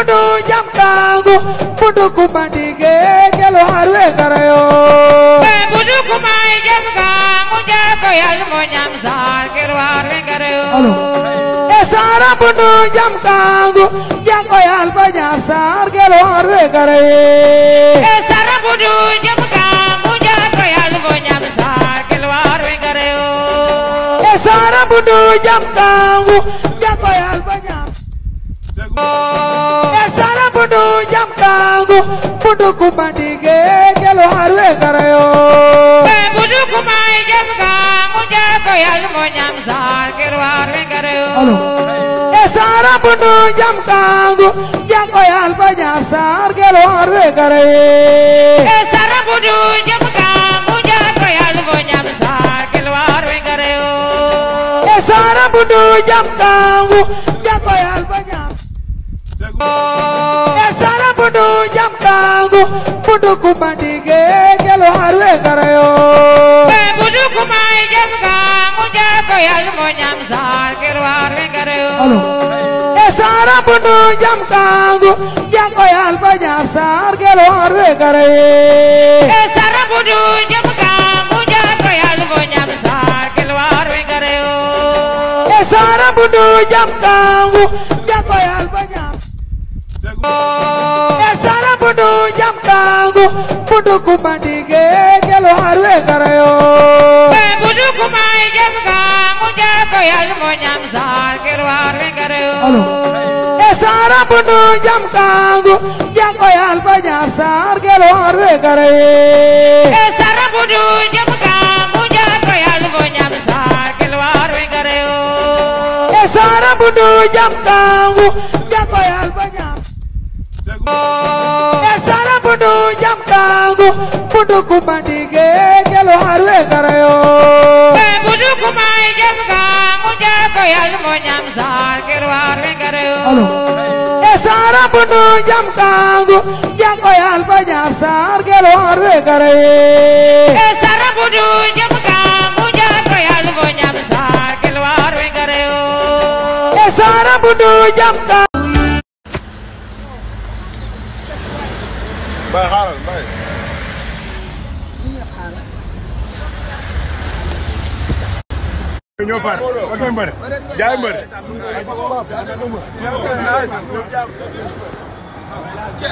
Fudu jam kangu Fudu kumandige Gelu haru e karayo Fudu kumai jam kangu Jako yalmo jam sar Gelu haru e karayo Esara fudu jam kangu Jako yalmo jam sar Gelu haru e karayo Esara fudu jam kangu Jako yalmo jam sar Gelu haru e karayo Esara fudu jam kangu Jako yalmo jam sar oh. jam kangu buduku bandige jalo arwe karayo be buduku mai jam kangu jago yalmo jam sar kirwarwe karayo alo e sara budu jam kangu jago yalmo jam sar gelo arwe karayo e sara budu jam kangu jago yalmo jam sar kirwarwe karayo e sara budu jam kangu jago yalmo jam Oh budu jam kangu budu kumandige jalu harwe karayo be budu jam kangu jako yalmo jam sar e sara budu jam jam sar kirwarwe karayo e sara jam sar kirwarwe karayo e sara fudu jamkangu fudu kumandige gelo arwe garayo be fudu kumai jamkangu jako yalmo nyamsar gelo arwe garayo esara fudu jamkangu jako yalmo nyamsar gelo arwe garayo esara fudu jamkangu jako yalmo nyamsar gelo arwe garayo esara fudu jamkangu jako yalmo nyamsar Oh fudu jam kangu fudu kumandige jalo harwe karayo be fudu kumai jam kangu jako yal mo jam sar kirwar me karayo e sara fudu jam kangu jako yal mo jam sar kirwar me karayo e sara fudu jam kangu jako yal mo jam sar kirwar me karayo e sara fudu jam kangu Ben, ben.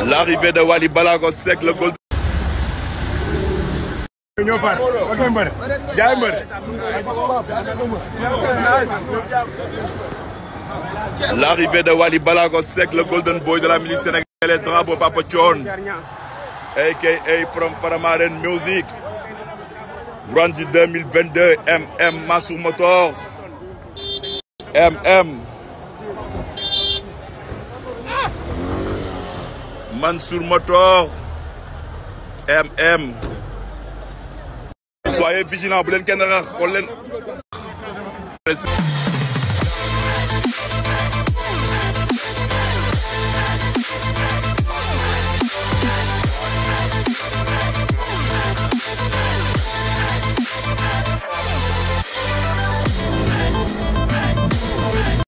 L'arrivée de Wali Balago le de Balago le golden boy de la milice sénégalaise drapeau Papa John. aka from Faramaren Music Ranji 2022 MM Massou Motor MM Mansour Motor MM soyez vigilants bu leen kenn rax